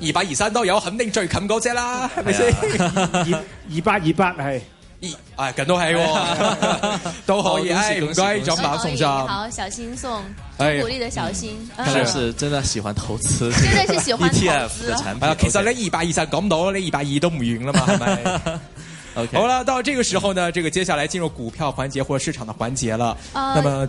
二百二三都有，肯定最近嗰隻啦，係咪先？二二八二八係二，哎咁都係，都可以。我應該要馬上送張，好小心送，鼓勵的小心。佢係是真的喜歡投資？真的是喜歡 ETF 的產品。哎呀，其實你二百二三講唔到，你二百二,八一、哦哎、呀呀都唔遠啦嘛。係咪？OK，好啦，到這個時候呢，這個接下來進入股票環節或者市場的環節了。那麼。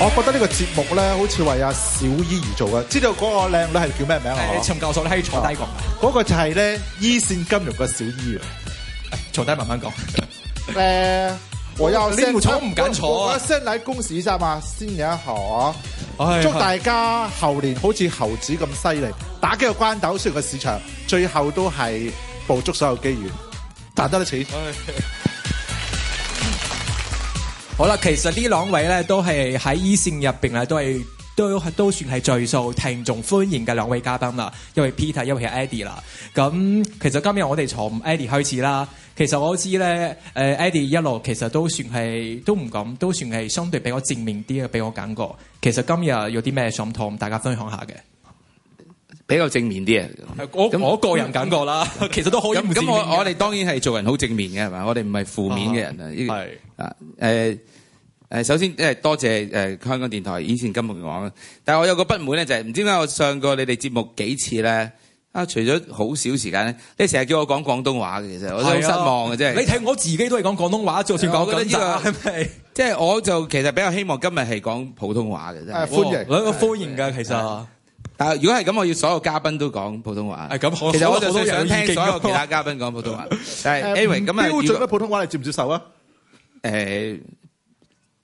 我覺得呢個節目咧，好似為阿小姨而做嘅。知道嗰個靚女係叫咩名啊？陳教授，你可以坐低講。嗰、那個就係咧，E 線金融嘅小姨慢慢、呃 哦、不不啊！坐低慢慢講。誒，我要先、嗯，我唔敢坐，坐、啊、我，我有公司先來恭喜一下嘛，新年好啊！祝大家猴年好似猴子咁犀利，打幾個關斗，需要個市場最後都係捕捉所有機遇，賺多啲錢。哎好啦，其實兩呢兩位咧都係喺 E 線入邊咧，都係都都，都算係最受聽眾歡迎嘅兩位嘉賓啦，一位 Peter，一位係 Eddie 啦。咁其實今日我哋從 Eddie 開始啦。其實我知咧，誒、呃、Eddie 一路其實都算係都唔咁，都算係相對比較正面啲嘅，俾我感覺。其實今日有啲咩想同大家分享下嘅，比較正面啲啊？我我個人感覺啦，嗯、其實都可以。咁我我哋當然係做人好正面嘅，係咪？我哋唔係負面嘅人啊。係。啊誒首先即係多謝誒香港電台以前金融網。但係我有個不滿咧，就係，是，唔知點解我上過你哋節目幾次咧？啊，除咗好少時間咧，你成日叫我講廣東話嘅，其實我都好失望嘅啫、啊。你睇我自己都係講廣東話，啊得這個，是是，就算講廣東話，係咪？即係我就其實比較希望今日係講普通話嘅啫、啊。歡迎，我歡迎㗎，其實、啊。但如果係咁，我要所有嘉賓都講普通話。咁、啊，其實我就想，想聽所有其他嘉賓講普通話。係，anyway，咁啊，標準、啊 anyway，普通話你接唔接受啊？誒、哎，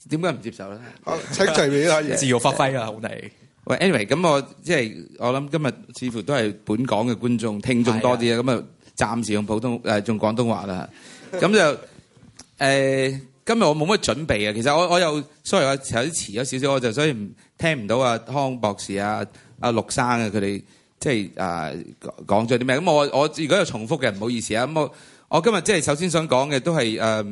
點解唔接受咧？好，請提別自由發揮啊，好哋。喂、 啊哎哎、，anyway，咁我即係、就是、我諗今日似乎都係本港嘅觀眾聽眾多啲啊、嗯，咁啊，暫時用普通誒、嗯、用廣東話啦。咁就誒、 哎，今日我冇乜準備啊。其實我我又 sorry 啊，有啲遲咗少少，我就所以唔聽唔到啊。康博士啊、阿、啊、陸生啊，佢哋即係誒講咗啲咩。咁、就是啊、我我如果有重複嘅，唔好意思啊。咁我我今日即係首先想講嘅都係誒。啊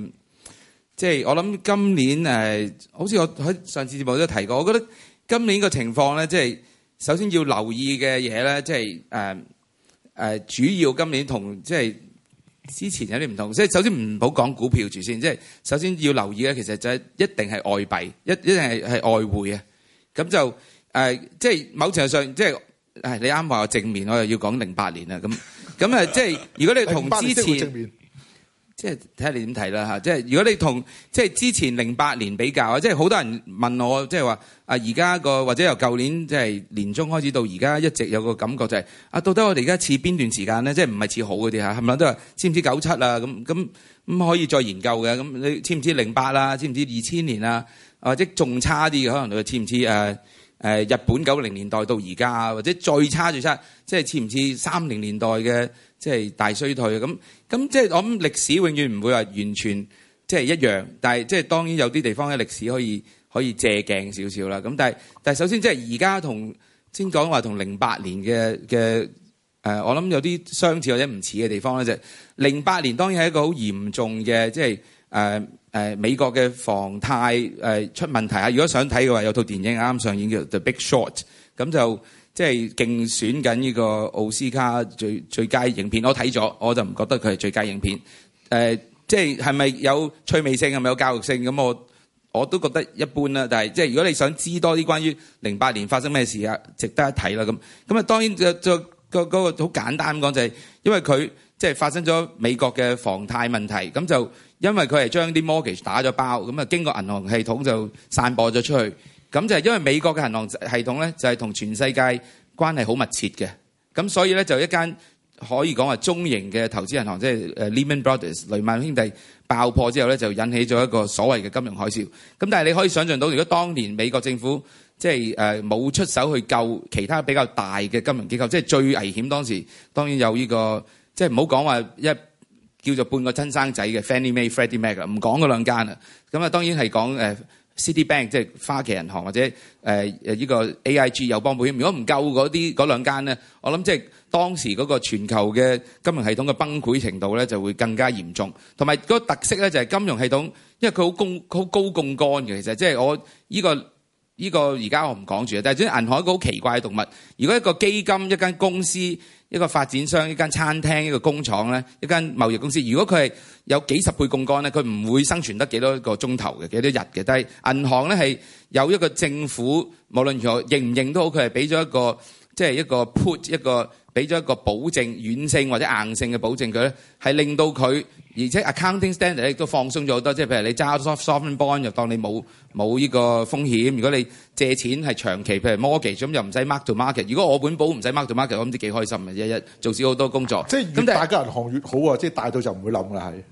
即係我諗今年誒，好似我喺上次節目都提過，我覺得今年個情況咧，即係首先要留意嘅嘢咧，即係誒誒主要今年同即係之前有啲唔同，即係首先唔好講股票住先，即係首先要留意咧，其實就係一定係外幣，一一定係係外匯啊。咁就誒，即係某程度上，即係誒你啱話正面，我又要講零八年啦，咁咁即係如果你同之前。即係睇下你點睇啦吓，即係如果你同即係之前零八年比較啊，即係好多人問我，即係話啊，而家個或者由舊年即係年中開始到而家一直有個感覺就係啊，到底我哋而家似邊段時間咧？即係唔係似好嗰啲吓，係咪都係知唔知九七啊？咁咁咁可以再研究嘅。咁你知唔知零八啦？知唔知二千年啊？或者仲差啲嘅，可能佢似唔似誒誒日本九零年代到而家啊？或者最差最差，即係似唔似三零年代嘅即係大衰退咁？咁即係我諗歷史永遠唔會話完全即係、就是、一樣，但係即係當然有啲地方嘅歷史可以可以借鏡少少啦。咁但係但係首先即係而家同先講話同零八年嘅嘅、呃、我諗有啲相似或者唔似嘅地方咧，就零、是、八年當然係一個好嚴重嘅即係、呃、呃、美國嘅房貸、呃、出問題啊！如果想睇嘅話，有套電影啱上映叫做 The Big Short，咁就。即係競選緊呢個奧斯卡最最佳影片，我睇咗，我就唔覺得佢係最佳影片。即係係咪有趣味性？係咪有教育性？咁我我都覺得一般啦。但係即係如果你想知多啲關於零八年發生咩事啊，值得一睇啦咁。咁啊，當然就就個嗰個好簡單講就係，因為佢即係發生咗美國嘅房貸問題，咁就因為佢係將啲 mortgage 打咗包，咁啊，經過銀行系統就散播咗出去。咁就係因為美國嘅銀行系統咧，就係同全世界關係好密切嘅，咁所以咧就一間可以講話中型嘅投資銀行，即係誒 Lehman Brothers 雷曼兄弟爆破之後咧，就引起咗一個所謂嘅金融海嘯。咁但係你可以想像到，如果當年美國政府即係誒冇出手去救其他比較大嘅金融機構，即係最危險當時，當然有呢個即係唔好講話一叫做半個親生仔嘅 Fannie Mae、Freddie Mac 唔講嗰兩間啦。咁啊，當然係講 City Bank 即係花旗銀行或者誒誒呢個 AIG 友邦保險，如果唔夠嗰啲嗰兩間咧，我諗即係當時嗰個全球嘅金融系統嘅崩潰程度咧就會更加嚴重，同埋嗰個特色咧就係金融系統，因為佢好高好高槓桿嘅，其實即係我呢、呢個。呢個而家我唔講住，但係銀行係一個好奇怪嘅動物。如果一個基金、一間公司、一個發展商、一間餐廳、一個工廠咧、一間貿易公司，如果佢係有幾十倍槓桿呢，佢唔會生存得幾多個鐘頭嘅、幾多日嘅。但係銀行呢係有一個政府，無論如何認唔認都好，佢係俾咗一個即係、就是、一個 put 一個。俾咗一個保證，軟性或者硬性嘅保證，佢咧係令到佢，而且 accounting standard 亦都放鬆咗好多。即係譬如你揸 soft sovereign bond，又當你冇冇呢個風險。如果你借錢係長期，譬如 mortgage，咁又唔使 mark to market。如果我本保唔使 mark to market，我唔知幾開心啊！日日做少好多工作。即係越大嘅銀行越好啊！即係大到就唔會冧啦，係。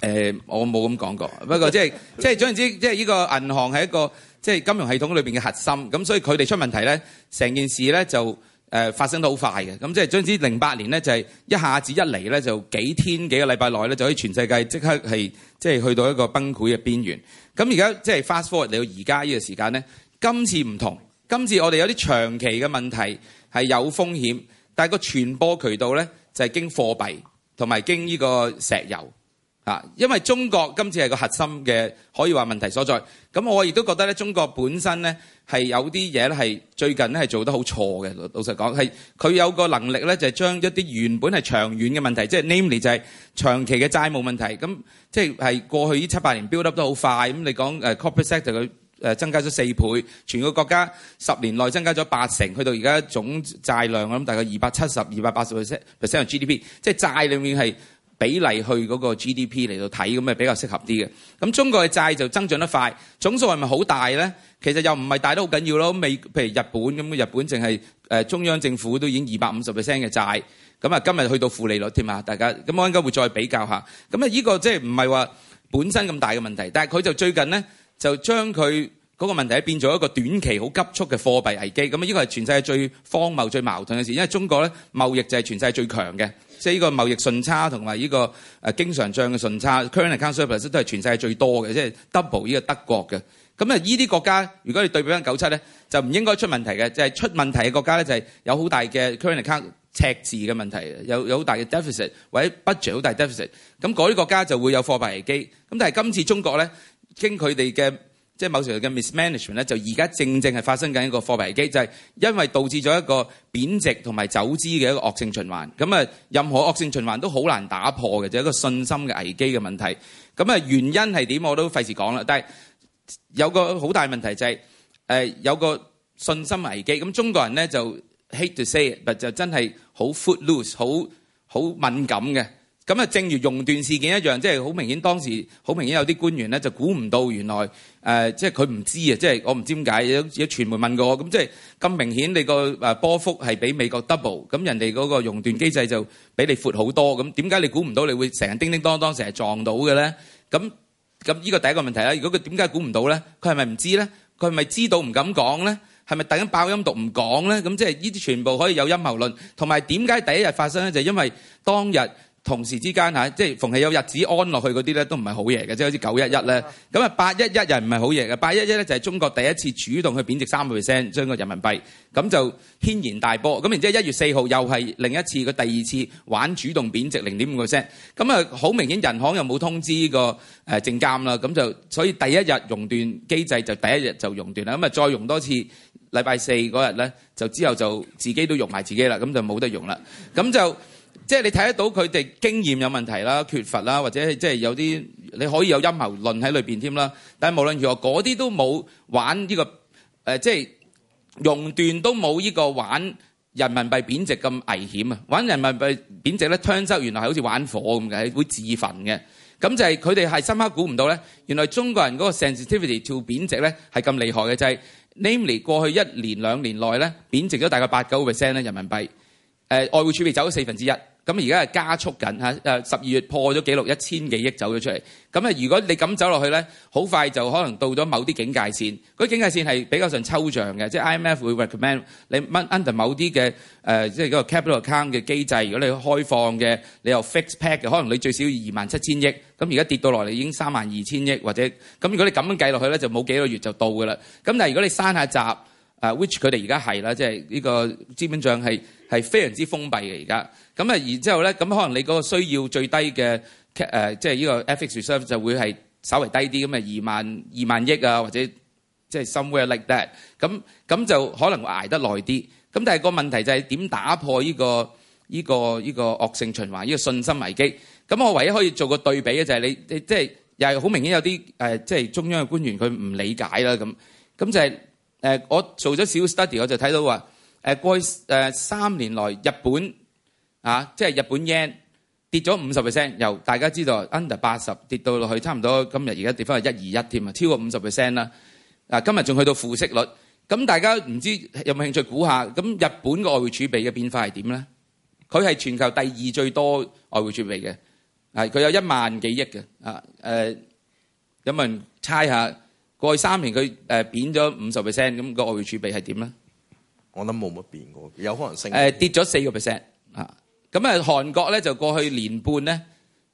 誒，我冇咁講過。 不過即係即係總言之，即係呢個銀行係一個即係、就是、金融系統裏面嘅核心。咁所以佢哋出問題咧，成件事咧就。誒發生得好快嘅，咁即係總之零八年咧就係、是、一下子一嚟咧就幾天幾個禮拜內咧就喺全世界即刻係即係去到一個崩潰嘅邊緣。咁而家即係 fast forward 嚟到而家呢個時間咧，今次唔同，今次我哋有啲長期嘅問題係有風險，但係個傳播渠道咧就係、是、經貨幣同埋經呢個石油，啊，因為中國今次係個核心嘅，可以話問題所在。咁我亦都覺得呢，中國本身呢，係有啲嘢呢，係最近呢，係做得好錯嘅。老實講，係佢有個能力呢，就係將一啲原本係長遠嘅問題，即係 namely 就係長期嘅債務問題。咁即係過去呢七八年 build up 都好快。咁你講 corporate sector 增加咗四倍，全個國家十年內增加咗八成，去到而家總債量大概二百七十二百八十 percent of GDP，即係債裡面係。比例去嗰個 GDP 嚟到睇咁咪比較適合啲嘅。咁中國嘅債就增長得快，總數係咪好大咧？其實又唔係大得好緊要咯。未譬如日本咁，日本淨係、呃、中央政府都已經二百五十 percent 嘅債。咁啊，今日去到負利率添啊，大家咁我應該會再比較下。咁啊，呢個即係唔係話本身咁大嘅問題？但係佢就最近咧就將佢嗰個問題變咗一個短期好急促嘅貨幣危機。咁呢個係全世界最荒謬、最矛盾嘅事，因為中國咧貿易就係全世界最強嘅。即係依個貿易順差同埋依個經常帳嘅順差 current account surplus 都係全世界最多嘅，即係 double 依個德國嘅。咁依啲國家如果你對比翻九七呢，就唔應該出問題嘅。就係出問題嘅國家就係有好大嘅 current account 赤字嘅問題，有有好大嘅 deficit 或者 budget 好大嘅 deficit。咁嗰啲國家就會有貨幣危機。咁但係今次中國呢，經佢哋嘅。即係某時候嘅 mismanagement 咧，就而家正正係發生緊一個貨幣危機，就係因為導致咗一個貶值同埋走資嘅一個惡性循環。咁啊，任何惡性循環都好難打破嘅，就係、是、一個信心嘅危機嘅問題。咁啊，原因係點我都費事講啦。但係有個好大問題就係、是、有個信心危機。咁中國人咧就 hate to say it, 就真係好 footloose，好好敏感嘅。咁啊，正如熔斷事件一樣，即係好明顯，當時好明顯有啲官員咧就估唔到，原來誒，即係佢唔知啊，即係我唔知點解，有有傳媒問過我，咁即係咁明顯，你個誒波幅係比美國 double，咁人哋嗰個熔斷機制就比你闊好多，咁點解你估唔到你會成日叮叮當當，成日撞到嘅咧？咁咁呢個第一個問題啦，如果佢點解估唔到咧？佢係咪唔知咧？佢係咪知道唔敢講咧？係咪突然爆音獨唔講咧？咁即係呢啲全部可以有陰謀論，同埋點解第一日發生咧？就因為當日。同時之間即係逢係有日子安落去嗰啲咧，都唔係好嘢嘅，即係好似九一一咧，咁啊八一一又唔係好嘢嘅，八一一咧就係中國第一次主動去貶值三個 percent，將個人民幣，咁就軒然大波，咁然之後一月四號又係另一次嘅第二次玩主動貶值零點五個 percent，咁啊好明顯人行又冇通知個誒證監啦，咁就所以第一日熔斷機制就第一日就熔斷啦，咁啊再熔多次，禮拜四嗰日咧就之後就自己都熔埋自己啦，咁就冇得熔啦，咁就。即係你睇得到佢哋經驗有問題啦、缺乏啦，或者即係有啲你可以有陰謀論喺裏邊添啦。但係無論如何，嗰啲都冇玩呢、呢個、呃、即係熔斷都冇呢個玩人民幣貶值咁危險啊！玩人民幣貶值咧 turns out 原來係好似玩火咁嘅，係會自焚嘅。咁就係佢哋係深刻估唔到咧，原來中國人嗰個 sensitivity to 貶值咧係咁厲害嘅，就係、是、namely 過去一年兩年內咧貶值咗大概八九個 percent 咧人民幣、呃，外匯儲備走咗四分之一。咁而家係加速緊嚇，誒十二月破咗紀錄，一千幾億走咗出嚟。咁啊，如果你咁走落去咧，好快就可能到咗某啲警戒線。嗰警戒線係比較上抽象嘅，即係 IMF 會 recommend 你 under 某啲嘅誒即係嗰個 capital account 嘅機制，如果你開放嘅，你又 fixed peg 嘅，可能你最少要二萬七千億。咁而家跌到落嚟已經三萬二千億，或者咁。如果你咁樣計落去咧，就冇幾個月就到㗎啦。咁但係如果你刪下閘。啊，which 佢哋而家係啦，即係呢個資本帳係係非常之封閉嘅而家。咁啊，然之後咧，咁可能你嗰個需要最低嘅誒，即係呢個 excess reserve 就會係稍微低啲，咁啊二萬二萬億啊，或者即係 somewhere like that。咁咁就可能捱得耐啲。咁但係個問題就係點打破呢個呢個呢個惡性循環，呢個信心危機。咁我唯一可以做個對比嘅就係你即係又係好明顯有啲誒，即係中央嘅官員佢唔理解啦咁。咁就係。誒，我做咗少 study，我就睇到話，誒過去誒三年來，日本啊，即係日本 yen 跌咗五十 percent，由大家知道 under 八十跌到落去，差唔多今日而家跌翻係一二一添啊，超過五十 percent 啦。啊今日仲去到負息率，咁、啊、大家唔知有冇興趣估下，咁日本嘅外匯儲備嘅變化係點咧？佢係全球第二最多外匯儲備嘅，係佢有一萬幾億嘅。啊，誒、啊啊，有冇人猜，猜下？過去三年佢誒貶咗五十 percent 咁個外匯儲備係點咧？我諗冇乜變過，有可能升。誒跌咗四個 percent 啊！咁啊韓國咧就過去年半咧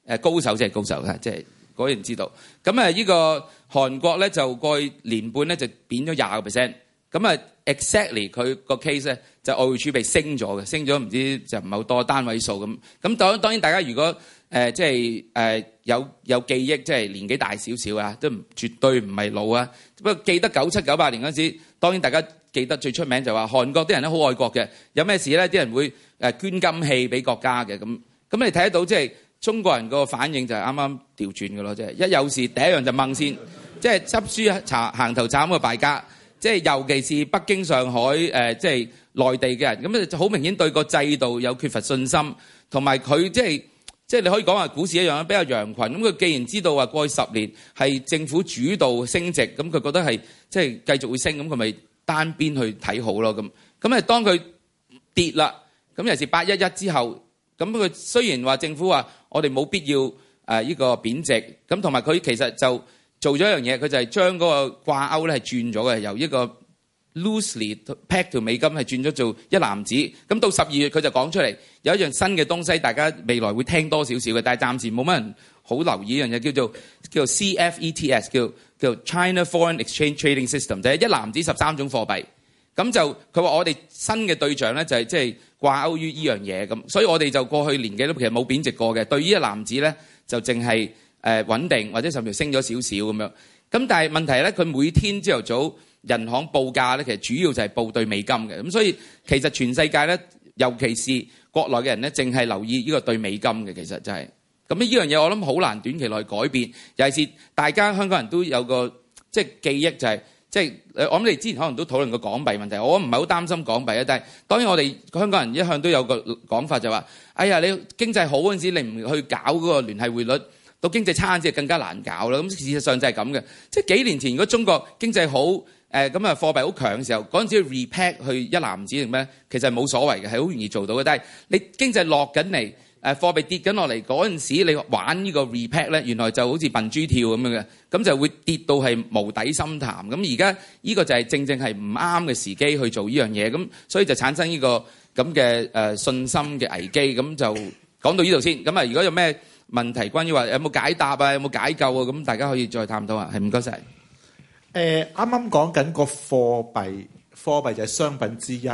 誒高手即係高手啦，即係嗰啲知道。咁啊依個韓國咧就過去年半咧就貶咗廿個 percent。咁啊 exactly 佢個 case 咧就外匯儲備升咗嘅，升咗唔知就唔係好多單位數咁。咁當當然大家如果。誒、呃、即係誒、呃、有有記憶，即係年紀大少少啊，都絕對唔係老啊。不過記得九七九八年嗰時，當然大家記得最出名就話韓國啲人都好愛國嘅，有咩事咧啲人會捐金器俾國家嘅咁。咁你睇得到即係中國人個反應就啱啱調轉嘅咯，即係一有事第一樣就掹先，即係執輸行頭慘嘅敗家。即係尤其是北京上海、呃、即係內地嘅人，咁你好明顯對個制度有缺乏信心，同埋佢即係。即係你可以講話股市一樣比較羊群咁。佢既然知道話過去十年係政府主導升值，咁佢覺得係即係繼續會升，咁佢咪單邊去睇好咯咁。咁誒，當佢跌啦，咁尤其八一一之後，咁佢雖然話政府話我哋冇必要呢個貶值，咁同埋佢其實就做咗一樣嘢，佢就係將嗰個掛鈎咧係轉咗嘅，由一個。loosely pack 條美金係轉咗做一籃子，咁到十二月佢就講出嚟有一樣新嘅東西，大家未來會聽多少少嘅，但係暫時冇乜人好留意依樣嘢，叫做叫做 CFETS，叫叫 China Foreign Exchange Trading System，就係一籃子十三種貨幣。咁就佢話我哋新嘅對象咧就係即係掛鈎於依樣嘢咁，所以我哋就過去年幾都其實冇貶值過嘅，對於一籃子咧就淨係誒穩定或者甚至升咗少少咁樣。咁但係問題咧，佢每天朝頭早，人行報價咧，其實主要就係報對美金嘅，咁所以其實全世界咧，尤其是國內嘅人咧，淨係留意依個對美金嘅，其實就係咁咧。依樣嘢我諗好難短期內改變，尤其是大家香港人都有個即係記憶，就係即係我諗你之前可能都討論過港幣問題，我唔係好擔心港幣啊，但係當然我哋香港人一向都有個講法就係話：哎呀，你經濟好嗰陣時，你唔去搞嗰個聯繫匯率，到經濟差即係更加難搞啦。咁事實上就係咁嘅，即係幾年前如果中國經濟好。誒咁啊貨幣好強嘅時候，嗰陣時去 repack 去一攬子定咩，其實冇所謂嘅，係好容易做到嘅。但係你經濟落緊嚟，誒貨幣跌緊落嚟嗰陣時，你玩呢個 repack 咧，原來就好似笨豬跳咁樣嘅，咁就會跌到係無底深潭。咁而家呢個就係正正係唔啱嘅時機去做呢樣嘢，咁所以就產生呢個咁嘅誒信心嘅危機。咁就講到呢度先。咁啊，如果有咩問題關於話有冇解答啊，有冇解救啊，咁大家可以再探討啊。係唔該曬。誒啱啱講緊個貨幣，貨幣就係商品之一。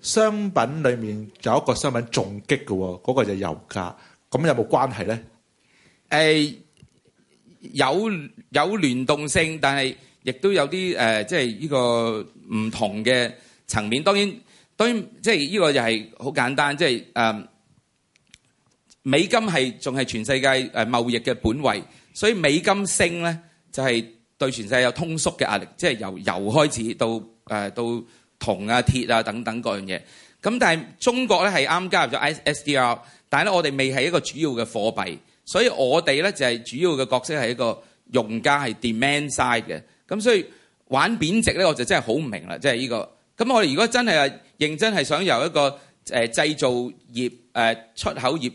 商品裡面有一個商品仲激嘅喎，嗰個就係油價。咁有冇關係咧？誒有有聯動性，但係亦都有啲誒，即係呢個唔同嘅層面。當然當然，即係呢個就係好簡單，即係誒美金係仲係全世界誒貿易嘅本位，所以美金升咧就係，對全世界有通縮嘅壓力，即係由油開始到誒、呃、到銅啊、鐵啊等等各樣嘢。咁但係中國咧係啱加入咗 SDR，但係咧我哋未係一個主要嘅貨幣，所以我哋咧就係、是、主要嘅角色係一個用家，係 demand side 嘅。咁所以玩貶值咧，我就真係好唔明啦，即係呢個。咁我哋如果真係啊認真係想由一個誒製、呃、造業誒、呃、出口業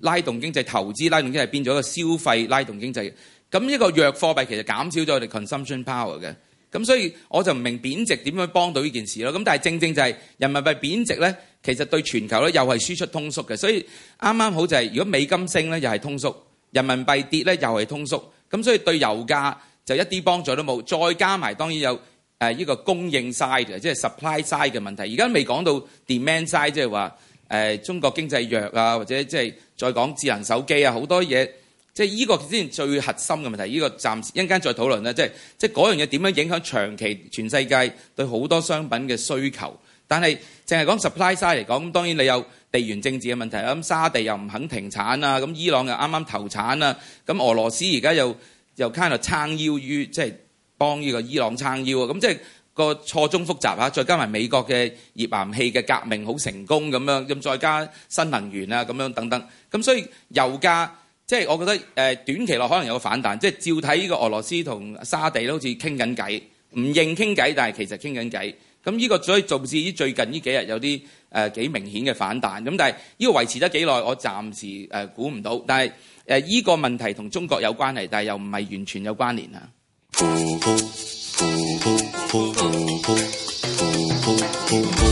拉動經濟，投資拉動經濟變咗一個消費拉動經濟。咁一個弱貨幣其實減少咗我哋 consumption power 嘅，咁所以我就唔明貶值點樣幫到呢件事咯。咁但係正正就係人民幣貶值咧，其實對全球咧又係輸出通縮嘅。所以啱啱好就係如果美金升咧又係通縮，人民幣跌咧又係通縮。咁所以對油價就一啲幫助都冇。再加埋當然有誒呢個供應 side 即係 supply side 嘅問題。而家未講到 demand side，即係話誒中國經濟弱啊，或者即係再講智能手機啊好多嘢。即係呢個先最核心嘅問題，呢個暫時一陣間再討論啦。即係即係嗰樣嘢點樣影響長期全世界對好多商品嘅需求？但係淨係講 supply side 嚟講，當然你有地緣政治嘅問題啦。咁沙地又唔肯停產啊，咁伊朗又啱啱投產啊，咁俄羅斯而家又又喺度撐腰於即係幫呢個伊朗撐腰啊。咁即係個錯綜複雜啊，再加埋美國嘅頁岩氣嘅革命好成功咁樣，咁再加新能源啊咁樣等等。咁所以油價。即係我覺得誒短期內可能有個反彈，即係照睇呢個俄羅斯同沙地都好似傾緊偈，唔認傾偈，但係其實傾緊偈。咁、這、呢個所以導致於最近呢幾日有啲誒幾明顯嘅反彈。咁但係呢個維持得幾耐，我暫時誒估唔到。但係誒依個問題同中國有關係，但係又唔係完全有關聯啊。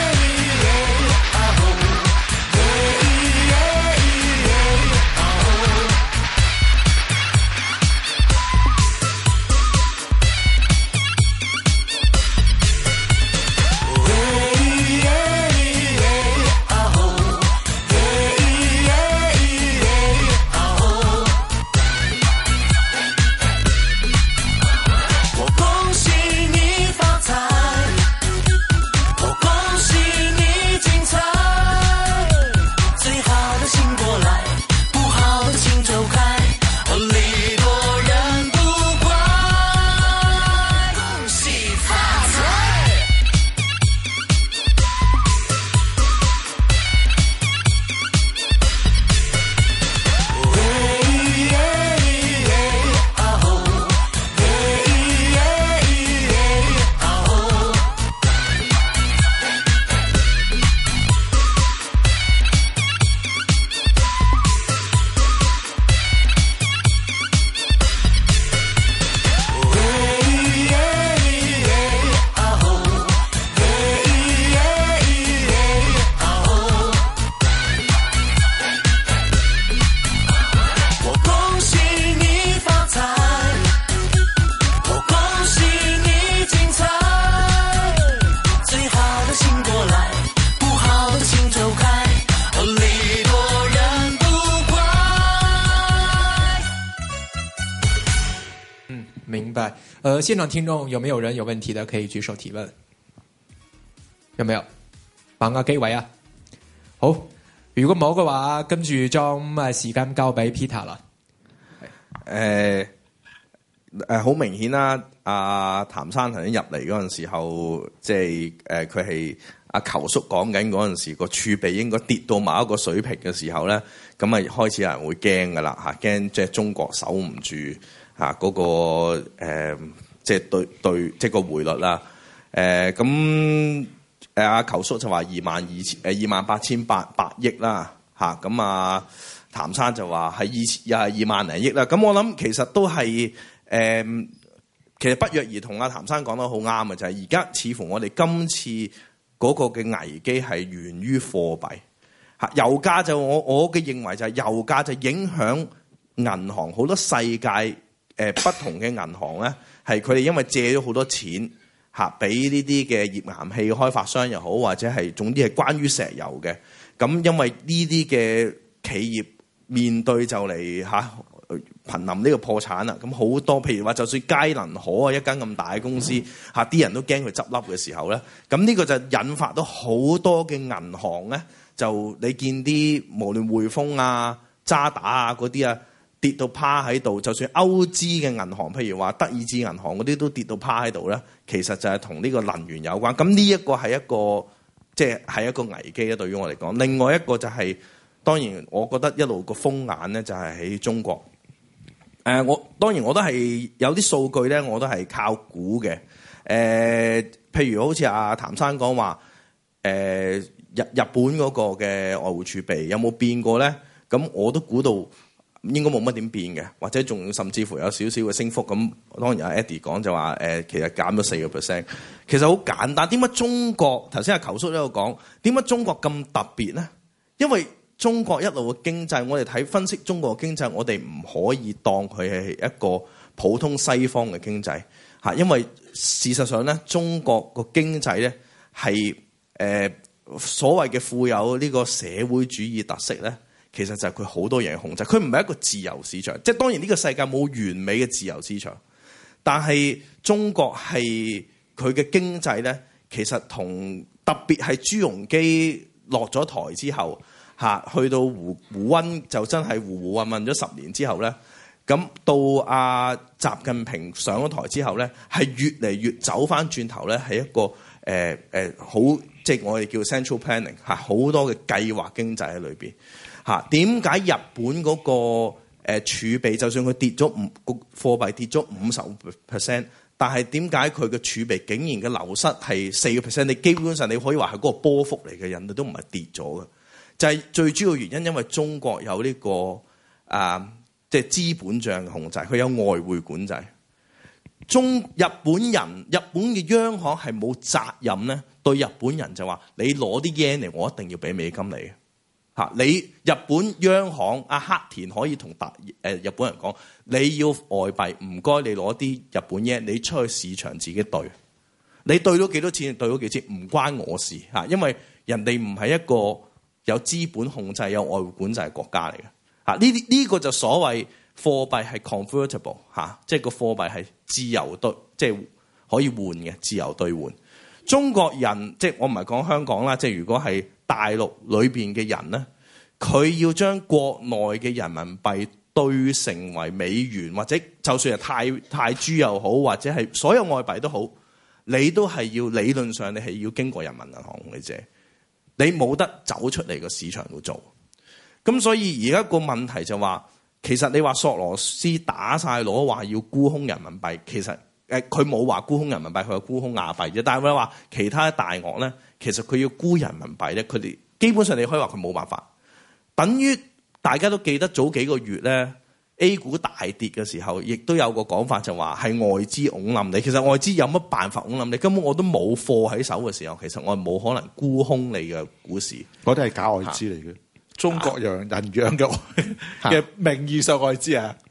現場聽眾有沒有人有問題的可以舉手提問？有沒有？把握機會呀！好，如果沒有果冇嘅話，跟住將、呃、啊時間交俾 Peter 啦。誒、啊、誒，好明顯啦。阿譚生頭先入嚟嗰陣時候，即係誒，佢係阿球叔講緊嗰陣時、個儲備應該跌到某一個水平嘅時候咧，咁啊開始有人會驚噶啦吓，驚即係中國守唔住吓嗰、嗰個誒。呃即係對對，即係、就是、個匯率啦、啊。誒、嗯、咁，誒阿球叔就話二萬二千，誒二萬八千八百億啦。嚇、啊、咁啊，譚生就話係二又係、啊、二萬零億啦。咁我諗其實都係誒、嗯，其實不約而同、啊。阿譚生講得好啱嘅就係而家似乎我哋今次嗰個嘅危機係源於貨幣嚇、啊。油價就我我嘅認為就係油價就影響銀行好多世界誒、呃、不同嘅銀行咧。係佢哋因為借咗好多錢嚇，俾呢啲嘅頁岩氣開發商又好，或者係總之係關於石油嘅。咁因為呢啲嘅企業面對就嚟嚇瀕臨呢個破產啦。咁好多譬如話，就算嘉能可啊一間咁大嘅公司嚇，啲人都驚佢執笠嘅時候咧。咁、這、呢個就引發到好多嘅銀行咧，就你見啲無論匯豐啊、渣打啊嗰啲啊。跌到趴喺度，就算歐資嘅銀行，譬如話德意志銀行嗰啲都跌到趴喺度咧，其實就係同呢個能源有關。咁呢一個係一個，即係係一個危機啊！對於我嚟講，另外一個就係當然，我覺得一路個風眼咧就係喺中國。誒，我當然我都係有啲數據咧，我都係靠估嘅。誒，譬如好似阿譚生講話，誒日日本嗰個嘅外匯儲備有冇變過咧？咁我都估到。應該冇乜點變嘅，或者仲甚至乎有少少嘅升幅咁。當然阿 Eddie 講就話誒，其實減咗四個 percent，其實好簡單。點解中國？頭先阿球叔都有講，點解中國咁特別咧？因為中國一路嘅經濟，我哋睇分析中國嘅經濟，我哋唔可以當佢係一個普通西方嘅經濟嚇。因為事實上咧，中國個經濟咧係誒所謂嘅富有呢個社會主義特色咧。其實就係佢好多人控制，佢唔係一個自由市場。即係當然呢個世界冇完美嘅自由市場，但係中國係佢嘅經濟咧，其實同特別係朱鎔基落咗台之後嚇，去到胡胡溫就真係胡胡啊，問咗十年之後咧，咁到阿習近平上咗台之後咧，係越嚟越走翻轉頭咧，係一個誒誒、呃呃、好即係我哋叫 central planning 嚇，好多嘅計劃經濟喺裏面。嚇，點解日本嗰個誒儲備就算佢跌咗五個貨幣跌咗五十 percent，但係點解佢嘅儲備竟然嘅流失係四個 percent？你基本上你可以話係嗰個波幅嚟嘅，印度都唔係跌咗嘅。就係最主要原因，因為中國有呢個啊，即係資本帳嘅控制，佢有外匯管制中。中日本人日本嘅央行係冇責任咧，對日本人就話你攞啲 yen 嚟，我一定要俾美金你。你日本央行阿黑田，可以同大誒日本人講，你要外幣唔該，你攞啲日本嘢，你出去市場自己兌，你兌咗幾多錢兌咗幾錢唔關我事吓，因為人哋唔係一個有資本控制、有外匯管制嘅國家嚟嘅吓。呢啲呢個就所謂貨幣係 convertible 吓，即係個貨幣係自由兌，即係可以換嘅自由兌換。中國人即係我唔係講香港啦，即係如果係。大陸裏面嘅人咧，佢要將國內嘅人民幣兌成為美元，或者就算係泰泰銖又好，或者係所有外幣都好，你都係要理論上你係要經過人民銀行嘅啫。你冇得走出嚟個市場度做。咁所以而家個問題就話，其實你話索羅斯打晒攞話要沽空人民幣，其實誒佢冇話沽空人民幣，佢係沽空亞幣啫。但係佢話其他大鱷咧？其實佢要沽人民幣咧，佢哋基本上你可以話佢冇辦法，等於大家都記得早幾個月咧，A 股大跌嘅時候，亦都有個講法就話係外資擁冧你。其實外資有乜辦法擁冧你？根本我都冇貨喺手嘅時候，其實我冇可能沽空你嘅股市，我都係假外資嚟嘅， 中國洋人養嘅嘅名義上外資啊。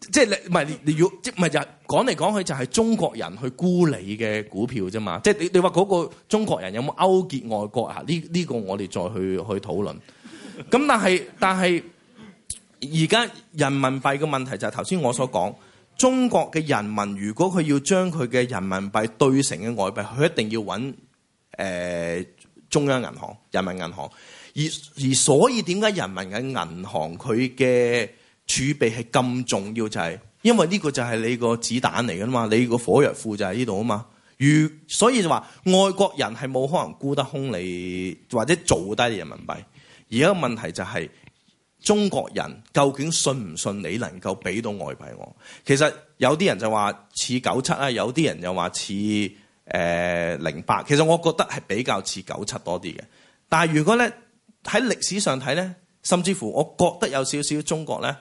即係你唔係你要即係講嚟講去就係中國人去沽你嘅股票啫嘛，即係你你話嗰個中國人有冇勾結外國啊？呢、這、呢個我哋再去去討論。咁但係但係而家人民幣嘅問題就係頭先我所講，中國嘅人民如果佢要將佢嘅人民幣兌成嘅外幣，佢一定要揾誒、呃、中央銀行、人民銀行。而而所以點解人民嘅銀行佢嘅？儲備係咁重要，就係因為呢個就係你個子彈嚟噶嘛，你個火藥庫就係呢度啊嘛。如所以就話，外國人係冇可能沽得空你，或者做低你人民幣。而家問題就係中國人究竟信唔信你能夠俾到外幣我？其實有啲人就話似九七啊，有啲人又話似誒零八。呃、其實我覺得係比較似九七多啲嘅。但係如果咧喺歷史上睇咧，甚至乎我覺得有少少中國咧。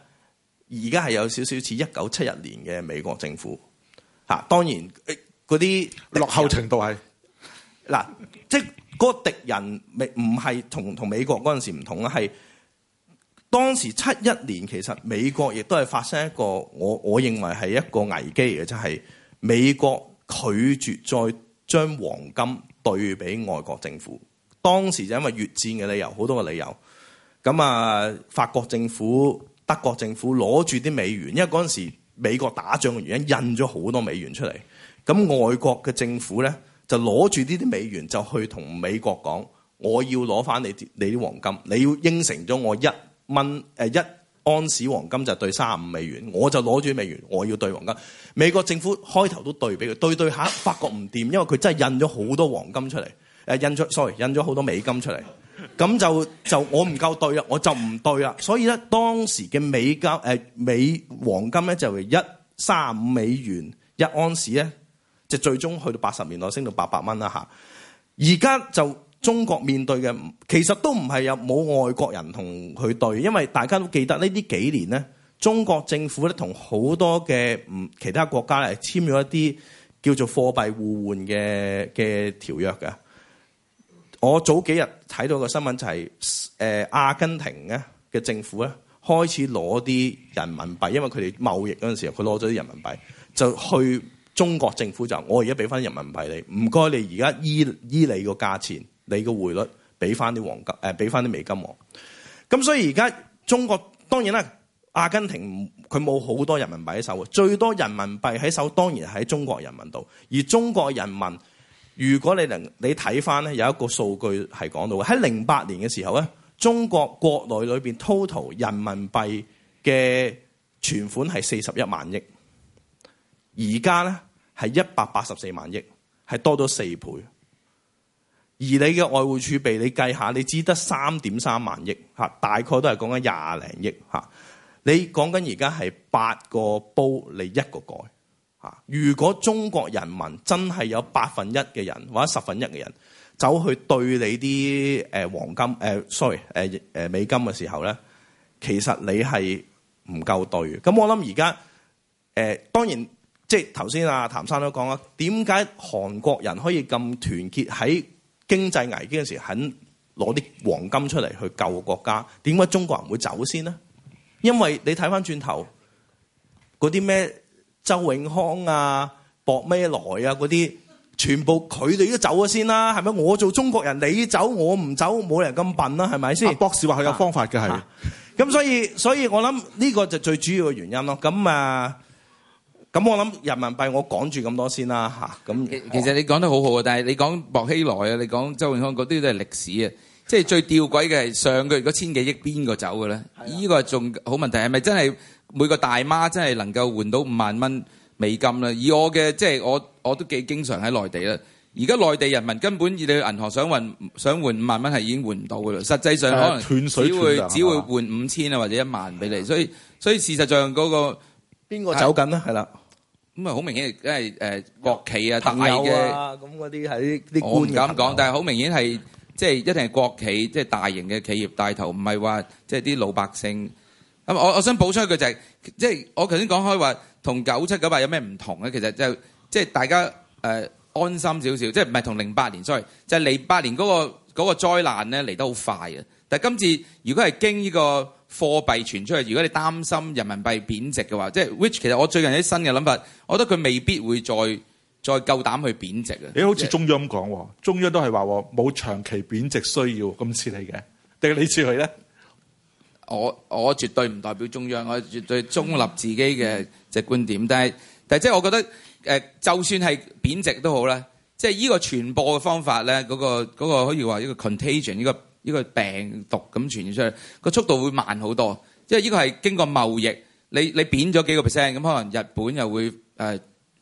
而家係有少少似一九七一年嘅美國政府嚇，當然嗰啲落後程度係嗱，即係嗰個敵人未唔係同同美國嗰陣時唔同啦，係當時七一年其實美國亦都係發生一個我我認為係一個危機嘅，就係美國拒絕再將黃金對俾外國政府，當時就因為越戰嘅理由，好多個理由，咁啊法國政府。德國政府攞住啲美元，因為嗰陣時美國打仗嘅原因印咗好多美元出嚟。咁外國嘅政府呢，就攞住呢啲美元就去同美國講：我要攞翻你你啲黃金，你要應承咗我一蚊誒一安士黃金就對三十五美元，我就攞住美元，我要兌黃金。美國政府開頭都兌俾佢，兌兌下發覺唔掂，因為佢真係印咗好多黃金出嚟，印咗，sorry，印咗好多美金出嚟。咁就就我唔夠對啦，我就唔對啦，所以咧當時嘅美金誒美黃金咧就係一三五美元一盎司咧，即係最終去到八十年代升到八百蚊啦吓。而家就中國面對嘅其實都唔係有冇外國人同佢對，因為大家都記得呢啲幾年咧，中國政府咧同好多嘅唔其他國家咧簽咗一啲叫做貨幣互換嘅嘅條約噶。我早幾日睇到個新聞就係、誒、阿根廷咧嘅政府咧開始攞啲人民幣，因為佢哋貿易嗰陣時候，佢攞咗啲人民幣，就去中國政府就我而家俾翻人民幣你，唔該你而家依依你個價錢，你個匯率俾翻啲黃金誒，俾翻啲美金喎。咁所以而家中國當然啦，阿根廷佢冇好多人民幣喺手，最多人民幣喺手當然喺中國人民度，而中國人民。如果你能你睇翻咧，有一個數據係講到喺零八年嘅時候咧，中國國內裏邊 total 人民幣嘅存款係四十一萬億，而家咧係一百八十四萬億，係多咗四倍。而你嘅外匯儲備，你計下，你只得三點三萬億嚇，大概都係講緊廿零億嚇。你講緊而家係八個煲，你一個蓋。如果中國人民真係有百分一嘅人或者十分一嘅人走去兌你啲誒、呃、黃金誒、呃、，sorry 誒、呃、誒美金嘅時候咧，其實你係唔夠兌。咁我諗而家誒，當然即係頭、啊、先阿譚生都講啦，點解韓國人可以咁團結喺經濟危機嘅時候，肯攞啲黃金出嚟去救國家？點解中國人會先走先呢？因為你睇翻轉頭嗰啲咩？周永康啊、博咩來啊嗰啲，全部佢哋都走咗先啦，係咪？我做中國人，你走我唔走，冇人咁笨啦，係咪先？博士話佢有方法嘅係，咁、啊啊、所以所以我諗呢個就最主要嘅原因咯。咁啊，咁我諗人民幣我講住咁多先啦吓。咁其實你講得好好啊，但係你講薄熙來啊，你講周永康嗰啲都係歷史啊。即、就、係、是、最吊詭嘅係上個月嗰千幾億邊個走嘅咧？呢個仲好問題係咪真係？每個大媽真係能夠換到五萬蚊美金啦！以我嘅即係我我都幾經常喺內地啦。而家內地人民根本要去銀行想換想換五萬蚊係已經換唔到㗎啦。實際上可能只會斷水斷只會換五千啊或者一萬俾你。所以所以事實上嗰、那個邊個走緊咧？係、啊、啦，咁啊好明顯，因、呃、為國企啊、啊大嘅咁嗰啲喺啲官、啊，我唔敢講，但係好明顯係即係一定係國企即係、就是、大型嘅企業帶頭，唔係話即係啲老百姓。咁我我想補充一句就係、是，即、就、係、是、我頭先講開話，97，同九七九八有咩唔同咧？其實就即、是、係、就是、大家誒、呃、安心少少，即係唔係同零八年 sorry 就係零八年嗰、那個嗰、那個災難咧嚟得好快。但係今次如果係經呢個貨幣傳出去，如果你擔心人民幣貶值嘅話，即、就、係、是、which 其實我最近一啲新嘅諗法，我覺得佢未必會再再夠膽去貶值啊！你、欸就是、好似中央咁講，中央都係話冇長期貶值需要咁似你嘅，定係你似佢咧？我我絕對唔代表中央，我絕對中立自己嘅即係觀點。但係但係，即係我覺得誒，就算係貶值都好啦。即係呢個傳播嘅方法咧，嗰個嗰個可以話呢個 contagion，呢個呢個病毒咁傳染出去，個速度會慢好多。即係呢個係經過貿易，你你貶咗幾個 percent，咁可能日本又會誒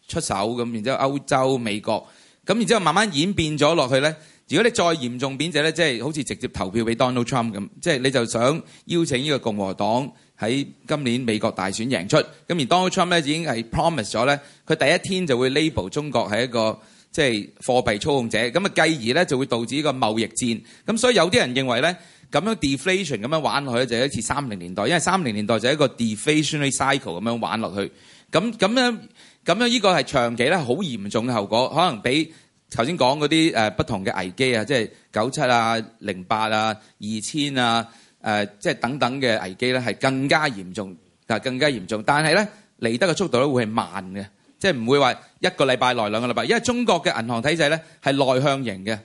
出手咁，然之後歐洲、美國，咁然之後慢慢演變咗落去咧。如果你再嚴重貶值呢，即係好似直接投票俾 Donald Trump 咁，即係你就想邀請呢個共和黨喺今年美國大選贏出。咁而 Donald Trump 呢，已經係 promise 咗呢，佢第一天就會 label 中國係一個即係貨幣操控者。咁啊繼而呢，就會導致呢個貿易戰。咁所以有啲人認為呢，咁樣 deflation 咁樣玩落去就係一次三零年代，因為三零年代就係一個 deflationary cycle 咁樣玩落去。咁咁樣咁樣呢個係長期咧好嚴重嘅後果，可能俾頭先講嗰啲誒不同嘅危機啊，即係九七啊、零八啊、二千啊、誒即係等等嘅危機咧，係更加嚴重，啊更加嚴重。但係咧嚟得嘅速度咧會係慢嘅，即係唔會話一個禮拜來兩個禮拜。因為中國嘅銀行體制咧係內向型嘅，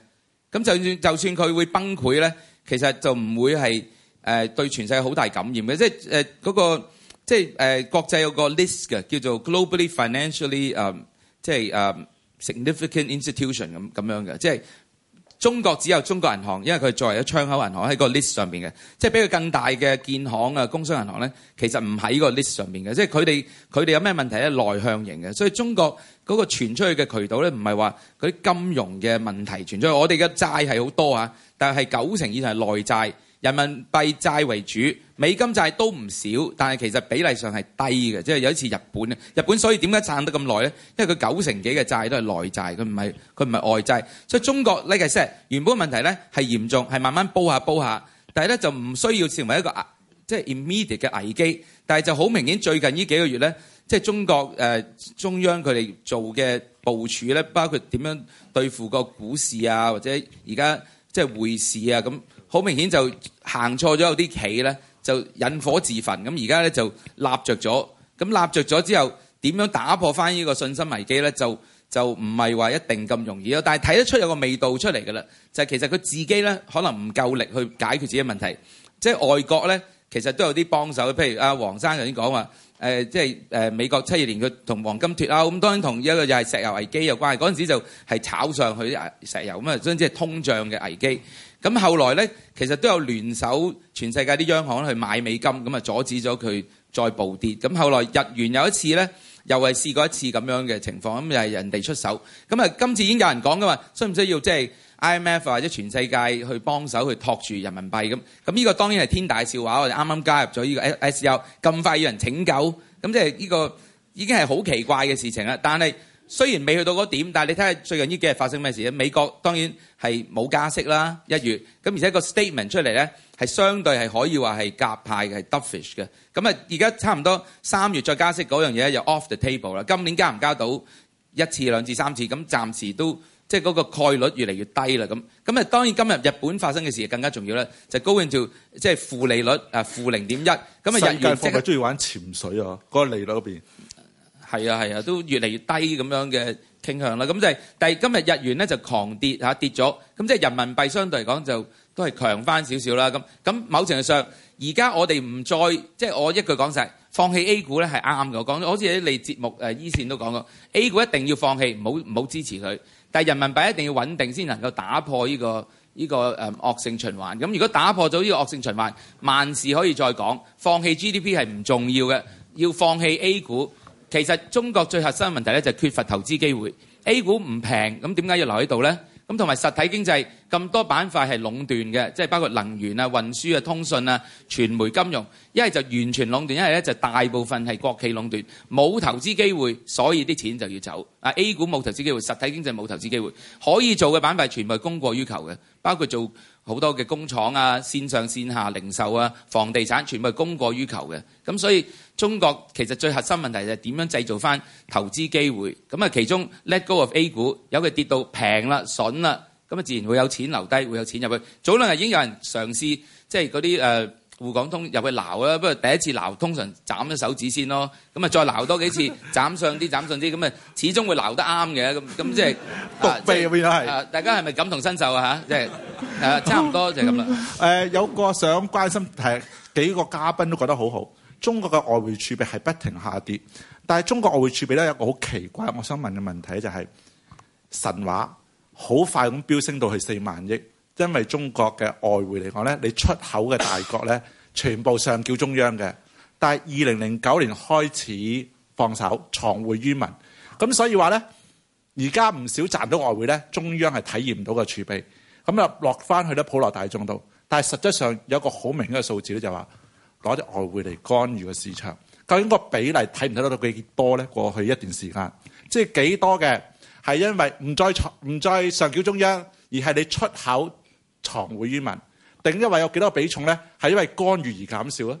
咁就算就算佢會崩潰咧，其實就唔會係誒對全世界好大感染嘅，即係誒嗰個即係誒國際有個 list 嘅，叫做 Globally Financially，誒即係誒。significant institution 咁咁樣嘅，即係中國只有中國銀行，因為佢係作為一窗口銀行喺個 list 上邊嘅，即係比佢更大嘅建行啊、工商銀行咧，其實唔喺個 list 上邊嘅，即係佢哋佢哋有咩問題咧？內向型嘅，所以中國嗰個傳出去嘅渠道咧，唔係話嗰啲金融嘅問題傳出去，我哋嘅債係好多啊，但係九成以上係內債。人民幣債為主，美金債都唔少，但係其實比例上係低嘅。即係有一次日本啊，日本所以點解撐得咁耐呢？因為佢九成幾嘅債都係內債，佢唔係佢唔係外債。所以中國呢個 s 原本問題呢係嚴重，係慢慢煲下煲下，但係呢就唔需要成為一個即係、就是、immediate 嘅危機。但係就好明顯，最近呢幾個月呢，即、就、係、是、中國、呃、中央佢哋做嘅部署呢，包括點樣對付個股市啊，或者而家即係匯市啊咁。好明顯就行錯咗，有啲棋咧就引火自焚。咁而家咧就立着咗，咁立着咗之後點樣打破翻呢個信心危機咧？就就唔係話一定咁容易咯。但係睇得出有個味道出嚟㗎啦，就係其實佢自己咧可能唔夠力去解決自己嘅問題。即係外國咧，其實都有啲幫手。譬如阿黃生頭先講話，呃即係呃美國七二年佢同黃金脱鈎啊，咁當然同一個又係石油危機有關係。嗰陣時就係炒上去啲石油，咁啊將即係通脹嘅危機。咁後來呢，其實都有聯手全世界啲央行呢去買美金，咁啊阻止咗佢再暴跌。咁後來日元有一次呢，又係試過一次咁樣嘅情況，咁又係人哋出手。咁啊，今次已經有人講噶嘛，需唔需要即係 IMF 或者全世界去幫手去托住人民幣咁？咁依個當然係天大笑話。我哋啱啱加入咗依個 SDR，咁快要人拯救，咁即係依個已經係好奇怪嘅事情啦。但係，雖然未去到嗰點，但係你睇下最近呢幾日發生咩事啊？美國當然係冇加息啦，一月咁，而且個 statement 出嚟咧係相對係可以話係鴿派嘅，係 dovish 嘅。咁啊，而家差唔多三月再加息嗰樣嘢又 off the table 啦。今年加唔加到一次兩次三次，咁暫時都即係嗰個概率越嚟越低啦。咁咁啊，當然今日日本發生嘅事更加重要啦。就高永照即係負利率啊，負零點一，咁啊，日元即係中意玩潛水啊，嗰、個利率嗰邊。係啊，係啊，都越嚟越低咁樣嘅傾向啦。咁就係，但係今日日元咧就狂跌嚇，跌咗咁，即係人民幣相對嚟講就都係強翻少少啦。咁咁某程度上，而家我哋唔再即係我一句講晒，放棄 A 股咧係啱啱嘅。我講咗好似喺你節目誒，E 線都講過 A 股一定要放棄，唔好唔好支持佢。但係人民幣一定要穩定先能夠打破呢個呢個誒惡性循環。咁如果打破咗呢個惡性循環，萬事可以再講，放棄 GDP 係唔重要嘅，要放棄 A 股。其實中國最核心嘅問題咧就係缺乏投資機會，A 股唔平，咁點解要留喺度咧？咁同埋實體經濟咁多板塊係壟斷嘅，即係包括能源啊、運輸啊、通訊啊、傳媒、金融，一係就完全壟斷，一係就大部分係國企壟斷，冇投資機會，所以啲錢就要走。啊，A 股冇投資機會，實體經濟冇投資機會，可以做嘅板塊全部係供過於求嘅，包括做。好多嘅工廠啊、線上線下零售啊、房地產全部係供過於求嘅，咁所以中國其實最核心問題就係點樣製造返投資機會。咁其中 let go of A 股，由佢跌到平啦、筍啦，咁自然會有錢留低，會有錢入去。早兩日已經有人嘗試，即係嗰啲滬港通入去鬧啦，不過第一次鬧通常斬咗手指先咯。咁啊，再鬧多幾次 斬上啲斬上啲，咁啊，始終會鬧得啱嘅。咁咁即係獨臂大家係咪感同身受啊？即 係、啊、差唔多就係咁啦。誒、 呃，有個想關心，係幾個嘉賓都覺得好好。中國嘅外匯儲備係不停下跌，但係中國外匯儲備咧有一個好奇怪，我想問嘅問題就係、是、神話好快咁飆升到去四萬億。因為中國嘅外匯嚟講咧，你出口嘅大國咧，全部上繳中央嘅。但係二零零九年開始放手藏匯於民，咁所以話咧，而家唔少賺到外匯咧，中央係體驗唔到個儲備，咁就落翻去咧普羅大眾度。但係實際上有一個好明顯嘅數字咧、就是，就係話攞啲外匯嚟干預個市場，究竟個比例睇唔睇得到幾多咧？過去一段時間，即係幾多嘅係因為唔再唔再上繳中央，而係你出口。藏會於民，定一為有幾多個比重咧，係因為干預而減少啊？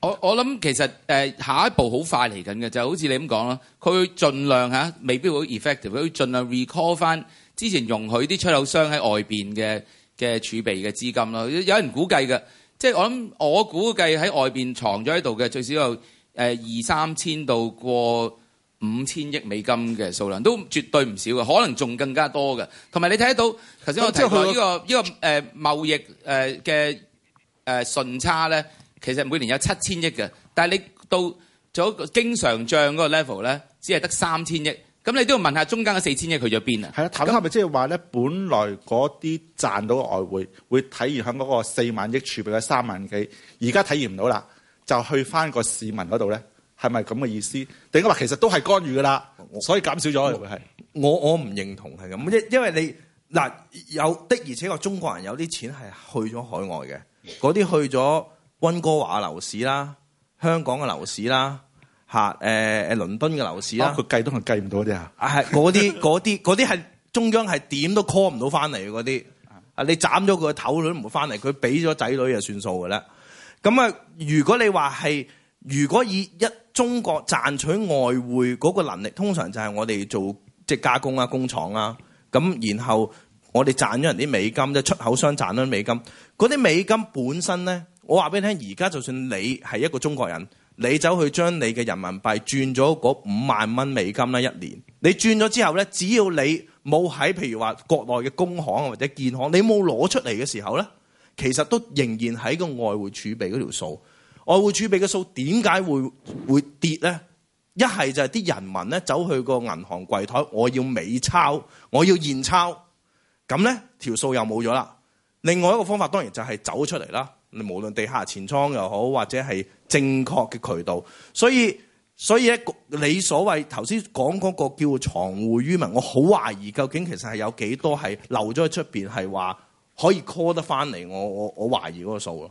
我我諗其實誒、呃、下一步好快嚟緊嘅，就是，好似你咁講啦，佢會盡量嚇，啊，未必會 effective，佢盡量 recall 翻之前容許啲出口商喺外邊嘅嘅儲備嘅資金啦。有人估計嘅，即、就、係、是、我諗我估計喺外邊藏咗喺度嘅最少有誒二、呃、三千度過。五千億美金嘅數量都絕對唔少嘅，可能仲更加多嘅。同埋你睇得到，頭先我提過呢個呢、呢個誒、呢個呃、貿易誒嘅誒順差咧，其實每年有七千億嘅，但係你到咗經常帳嗰個 level 咧，只係得三千億。咁你都要問下中間嘅四千億去咗邊啊？係啊，頭先係咪即係話咧，本來嗰啲賺到嘅外匯會體現喺嗰個四萬億儲備嘅三萬幾，而家體現唔到啦，就去翻個市民嗰度咧？係咪咁嘅意思？定係話其實都係干預噶啦，所以減少咗係。我我唔認同係咁，因因為你嗱有的而且確，中國人有啲錢係去咗海外嘅，嗰啲去咗温哥華嘅樓市啦、香港嘅樓市啦、吓、啊，誒、欸、誒倫敦嘅樓市啦。佢計都係計唔到啲啊！係嗰啲嗰啲嗰啲係中央係點都 call 唔到翻嚟嘅嗰啲。啊， 你斬咗佢個頭都唔翻嚟，佢俾咗仔女就算數㗎啦。咁啊，如果你話係。如果以一中國賺取外匯嗰個能力，通常就係我哋做即加工啊、工廠啊，咁然後我哋賺咗人啲美金，即係出口商賺咗美金。嗰啲美金本身呢，我話俾你聽，而家就算你係一個中國人，你走去將你嘅人民幣轉咗嗰五萬蚊美金啦，一年你轉咗之後呢，只要你冇喺譬如話國內嘅工行或者建行，你冇攞出嚟嘅時候呢，其實都仍然喺個外匯儲備嗰條數。外匯儲備嘅數點解會會跌咧？一係就係啲人民咧走去個銀行櫃台，我要美鈔，我要現鈔，咁咧條數又冇咗啦。另外一個方法當然就係走出嚟啦。你無論地下錢莊又好，或者係正確嘅渠道，所以所以咧，你所謂頭先講嗰個叫藏匯於民，我好懷疑究竟其實係有幾多係漏咗喺出邊，係話可以 call 得翻嚟。我我我懷疑嗰個數咯。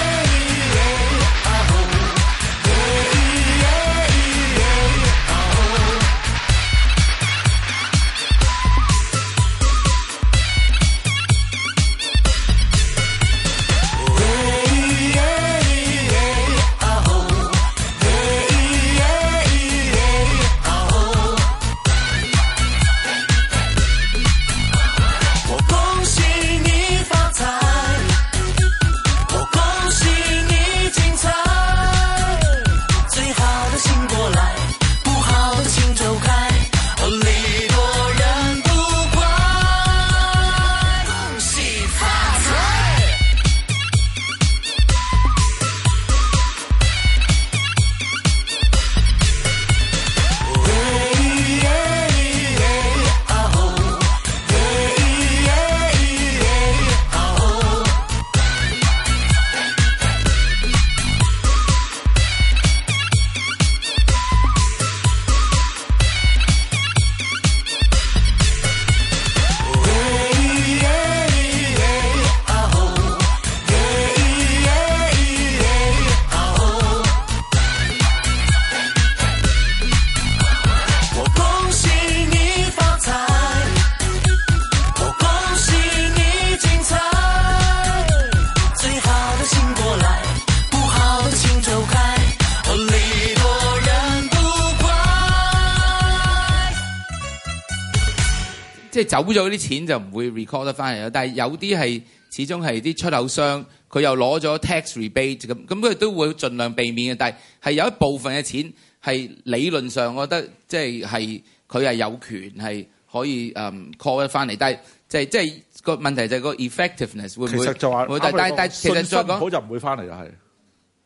冇咗啲錢就唔會 record 得翻嚟咯，但係有啲係始終係啲出口商，佢又攞咗 tax rebate 咁，咁佢都會盡量避免嘅。但係有一部分嘅錢係理論上，我覺得即係佢係有權係可以 call 得翻嚟，但係即係即係個問題就係個 effectiveness 會唔會？其實就會會但係但其實信心唔好就唔會翻嚟啦，係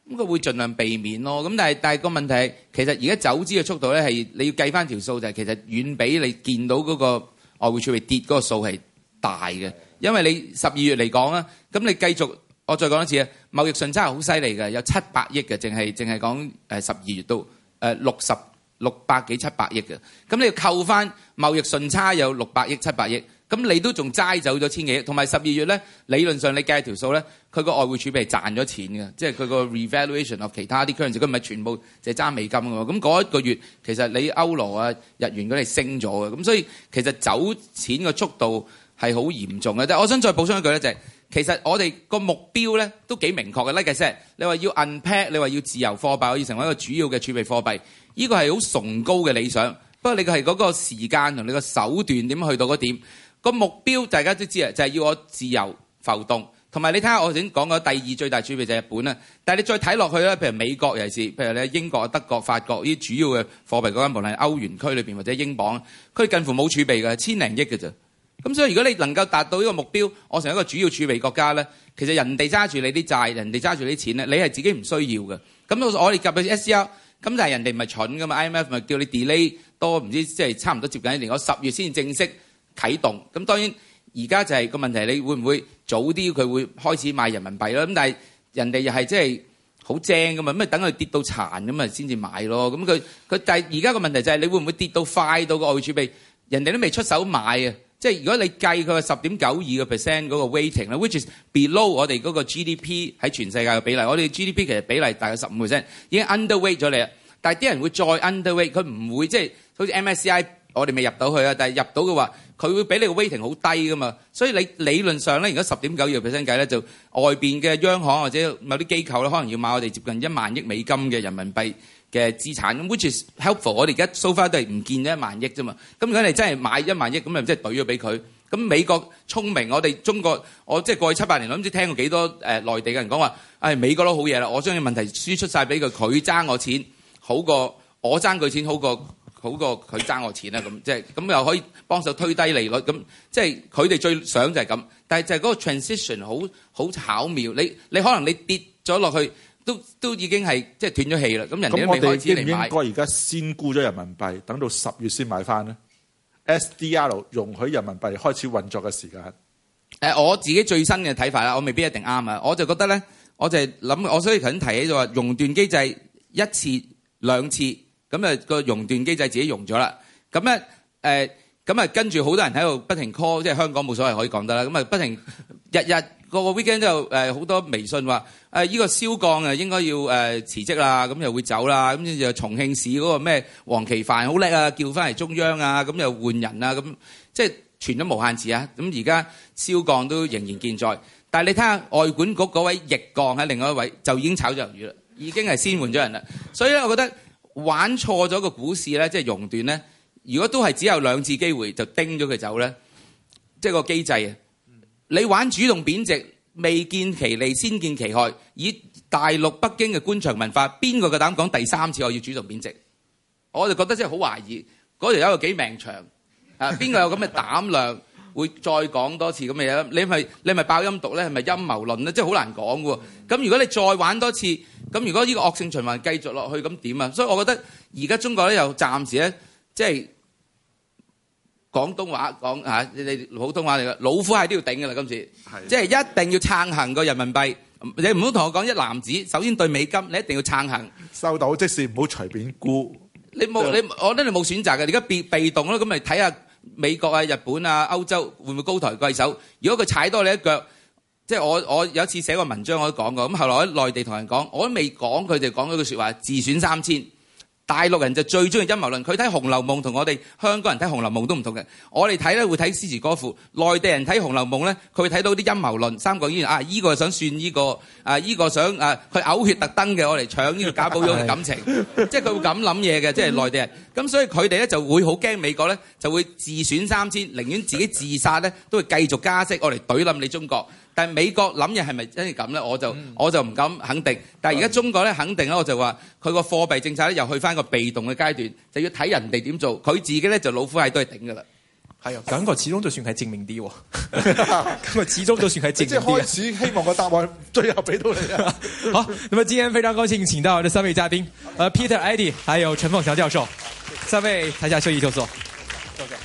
咁佢會盡量避免咯。咁但係但係個問題係，其實而家走資嘅速度咧係你要計翻條數，就係其實遠比你見到嗰個。我會出嚟跌嗰個數係大嘅，因為你十二月嚟講啊，咁你繼續，我再講一次啊，貿易順差係好犀利嘅，有七百億嘅，淨係淨係講誒十二月都誒六十六百幾七百億嘅，咁你要扣翻貿易順差有六百億七百億。咁你都仲齋走咗千幾億，同埋十二月咧，理論上你計條數咧，佢個外匯儲備係賺咗錢嘅，即係佢個 revaluation of 其他啲 currency，佢唔係全部就揸美金㗎嘛。咁嗰一個月，其實你歐羅啊、日元嗰啲係升咗嘅，咁所以其實走錢嘅速度係好嚴重嘅。但我想再補充一句咧，就係其實我哋個目標咧都幾明確嘅。Like I said，你話要 unpeg，你話要自由貨幣，可以成為一個主要嘅儲備貨幣，呢個係好崇高嘅理想。不過你嘅係嗰個時間同你個手段點去到嗰點？個目標大家都知啊，就係、是、要我自由浮動。同埋你睇下，我頭先講嘅第二最大儲備就係日本啦。但係你再睇落去咧，譬如美國尤其是，譬如咧英國、德國、法國呢啲主要嘅貨幣國家，無論係歐元區裏面或者英鎊，佢近乎冇儲備嘅，千零億嘅啫。咁所以如果你能夠達到呢個目標，我成為一個主要儲備國家咧，其實人哋揸住你啲債，人哋揸住你啲錢咧，你係自己唔需要嘅。咁到我哋入去 SDR，咁但係人哋唔係蠢噶嘛，IMF 咪叫你 delay 多唔知即係、就是、差唔多接近一年，我十月先正式，啟動咁當然而家就係個問題你會唔會早啲佢會開始買人民幣啦咁但係人哋又係即係好正㗎嘛，咁咪等佢跌到殘咁啊先至買咯咁佢佢但係而家個問題就係你會唔會跌到快到個外儲幣人哋都未出手買啊即係如果你計佢十點九二個 percent 嗰個 weighting 咧，which is below 我哋嗰個 GDP 喺全世界嘅比例，我哋 GDP 其實比例大概十五 percent 已經 underweight 咗你啦，但係啲人會再 underweight，佢唔會即係好似 MSCI。我哋未入到去啊，但係入到嘅話，佢會俾你個 weighting 好低噶嘛，所以你理論上咧，而家十點九二個 percent 計咧，就外邊嘅央行或者某啲機構咧，可能要買我哋接近一萬億美金嘅人民幣嘅資產，咁 which is helpful。我哋而家 so far 都係唔見一萬億啫嘛，咁如果你真係買一萬億，咁又即係賬咗俾佢。咁美國聰明，我哋中國，我即係過去七八年，我都唔知聽過幾多誒內、呃、地嘅人講話，誒、哎、美國都好嘢啦，我相信問題輸出晒俾佢，佢爭我錢好過我爭佢錢好過。好過佢爭我錢啦，咁即係咁又可以幫手推低利率，咁即係佢哋最想就係咁。但係就係嗰個 transition 好好巧妙，你你可能你跌咗落去都都已經係即係斷咗氣啦。咁人哋用美元嚟買。咁我哋應唔應該而家先沽咗人民幣，等到十月先買翻咧？SDR 容許人民幣開始運作嘅時間。誒，我自己最新嘅睇法啦，我未必一定啱啊！我就覺得咧，我就諗，我所以頭先提起就話熔斷機制一次兩次。咁、那、啊個熔斷機制自己熔咗啦，咁咧咁啊跟住好多人喺度不停 call，即係香港冇所謂可以講得啦。咁啊不停日日個個 weekend 都誒好多微信話，誒、呃、呢、這個肖鋼啊應該要誒、呃、辭職啦，咁又會走啦，咁就重慶市嗰個咩黃奇帆好叻啊，叫翻嚟中央啊，咁又換人啊，咁即係傳咗無限次啊。咁而家肖鋼都仍然健在，但你睇下外管局嗰位易鋼喺另外一位就已經炒咗魷魚啦，已經係先換咗人啦。所以咧，我覺得。玩錯咗個股市咧，即係熔斷咧。如果都係只有兩次機會，就叮咗佢走咧。即係個機制啊！你玩主動貶值，未見其利先見其害。以大陸北京嘅官場文化，邊個嘅膽講第三次我要主動貶值？我就覺得真係好懷疑嗰條友幾命長啊！邊個有咁嘅膽量會再講多次咁嘅嘢？你咪你咪爆陰毒咧，係咪陰謀論咧？真係好難講喎。咁如果你再玩多次？咁如果呢個惡性循環繼續落去，咁點啊？所以我覺得而家中國呢，又暫時呢，即係廣東話講、啊、你你普通話嚟啦，老虎係都要頂嘅啦，今次，是即係一定要撐行個人民幣。你唔好同我講一籃子，首先對美金，你一定要撐行。收到事，即係唔好隨便沽。你冇、就是、你，我覺得你冇選擇嘅，而家被被動啦，咁你睇下美國啊、日本啊、歐洲會唔會高抬貴手？如果佢踩多你一腳。即係我我有一次寫個文章我都講過咁，後來喺內地同人講，我都未講佢哋講咗句説話，自選三千，大陸人就最中意陰謀論。佢睇《紅樓夢》同我哋香港人睇《紅樓夢》都唔同嘅。我哋睇咧，會睇詩詞歌賦，內地人睇《紅樓夢》咧，佢會睇到啲陰謀論、三國演義啊，依、這個想算呢、這個啊，呢、這個想啊，佢嘔血特登嘅，我嚟搶呢、這個賈寶玉嘅感情， 即係佢會咁諗嘢嘅， 即係內地人咁，所以佢哋咧，就會好驚美國咧，就會自選三千，寧願自己自殺咧，都會繼續加息，我嚟懟冧你中國。但係美國諗嘢係咪真係咁咧？我就、嗯、我就唔敢肯定。但係而家中國咧肯定咧，我就話佢個貨幣政策咧又去翻個被動嘅階段，就要睇人哋點做。佢自己咧就老虎係都係頂㗎啦。係啊，感覺始終就算係正面啲喎。咁啊，始終都算係正面啲。 始都算名即係開始希望個答案最後俾到你 好，咁麼今天非常高興請到我哋三位嘉賓呃 Peter、Eddie、e d d i 還有陳鳳祥教授，謝謝三位台下休息就坐。謝謝。